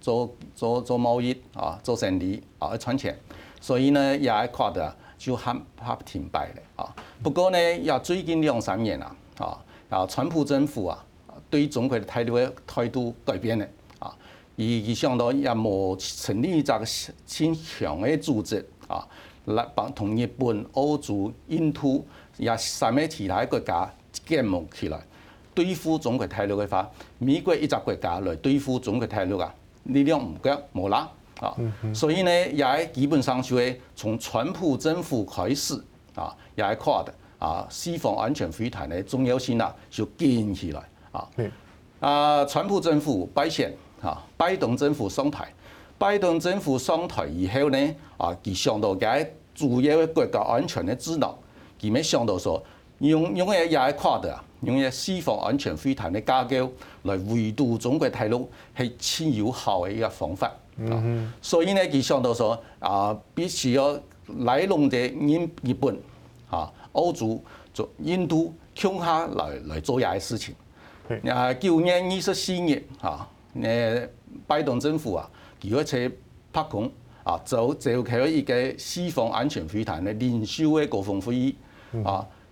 做做做貿易啊，做生意啊，要賺錢。所以呢，也係垮得就喊怕停擺嘅啊。不過呢，也最近兩三年啦，啊啊，川普政府啊，對中國的態度的態度改變嘅啊，佢佢想到也冇成立一個新新強的組織啊，來幫同日本、歐洲、印度也三個其他國家建盟起來，對付中國大陸的話，美國一隻國家來對付中國大陸啊！力量唔夠，冇啦啊，所以呢，也基本上就誒，從川普政府開始啊，也係跨的啊，四方安全會談的重要性、啊、就建起來啊、嗯。啊，川普政府拜登啊，拜登政府上台，拜登政府上台以後呢，啊，佢上到解主要國家安全的指導，佢咪上到說，用用誒也係跨的。用嘢西方安全會談的架構來圍堵中國大陸，係遷繞好嘅一個方法。嗯啊、所以呢，就想到說啊，必須要來拉攏英、日本、啊歐洲、做印度強、強哈來來做一啲事情。又叫嘢二十四年啊，拜登政府啊，如果一拍控啊，就就喺一個西方安全會談的連燒嘅國防會議。啊。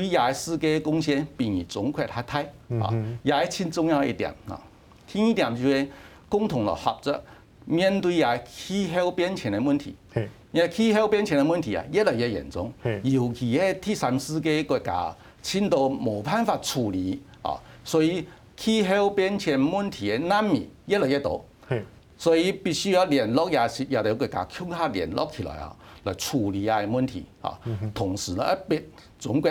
對亞氏嘅貢獻比中國還大啊！亞氏先重要一點啊。第一點就是共同嘅合作，面對亞氣候變遷嘅問題。係，因為氣候變遷嘅問題啊，越來越嚴重。尤其喺第三世界國家，真都冇辦法處理啊。所以氣候變遷問題的難民越來越多。係，所以必須要聯絡亞氏，亞哋國家，強化聯絡起來啊，來處理亞嘅問題啊。同時呢，一邊中國。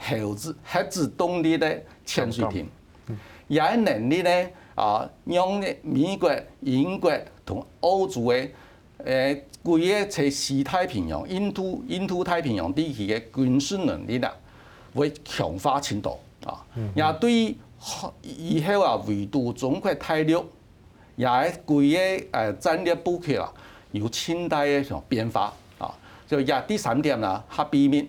後置核子動力的潛水艇，也係能力咧啊，讓美國、英國同歐洲嘅誒佢嘅在西太平洋、印度、印度太平洋地區的軍事能力啦，會強化程度啊，也、嗯嗯、對以後啊維度中國態度，也係佢嘅戰略布局有清底嘅變化啊，就也第三點啦，核秘密。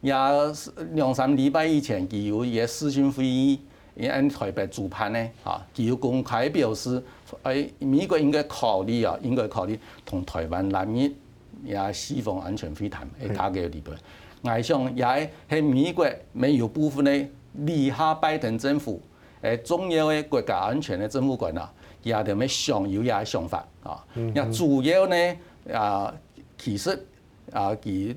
也兩三禮拜以前，佢有也私信會議，也按台北主辦呢，啊，佮有公開表示，誒，美國應該考慮啊，應該考慮同台灣南邊也西方安全會談，誒，大家個禮拜，外相也喺美國，也有部分咧，利哈拜登政府誒，重要的國家安全的政府官啊，也有咩想有也想法啊，嗯，也主要呢，啊，其實啊，佢。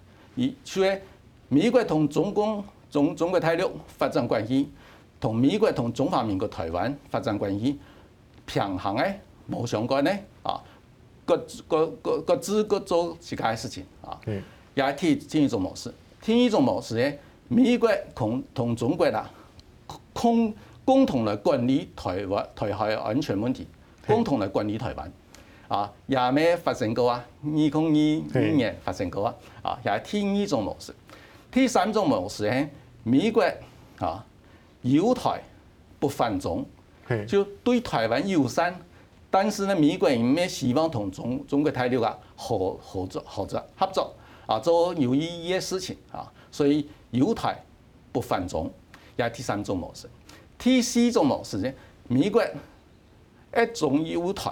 而說美國同中共、中中國大陸發展關係，同美國同中華民國台灣發展關係平衡咧冇相關咧，啊，各各各各自各做自己嘅事情啊，也係另一種模式。另一種模式咧，美國同同中國啊，共共同嚟管理台灣，台海安全問題，共同嚟管理台灣。啊，也咩發生過啊？二零二零年發生過啊！啊，也係第二種模式。第三種模式呢，美國啊，友台不反中，就對台灣友善。但是呢，美國人咩希望同中中國大陸啊合合作合作合作啊做有意義的事情啊，所以友台不反中，也係第三種模式。第四種模式呢，美國一中友台。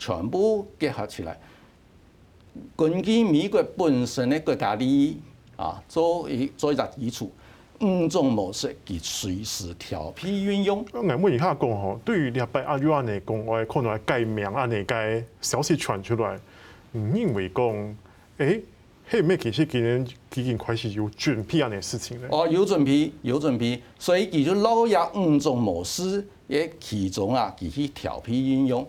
全部結合起來，根據美國本身的國家利益啊，做一做一個基礎，五、嗯、種模式佢隨時調配運用。啊、我唔好意下講，對於阿伯阿 U 阿你講，我可能係改名阿你改消息傳出來，唔認為講，誒、欸，係咪其實佢哋幾件開始有準備啊啲事情咧？哦，有準備，有準備，所以佢就攞啲五種模式嘅其中啊，佢去調配運用。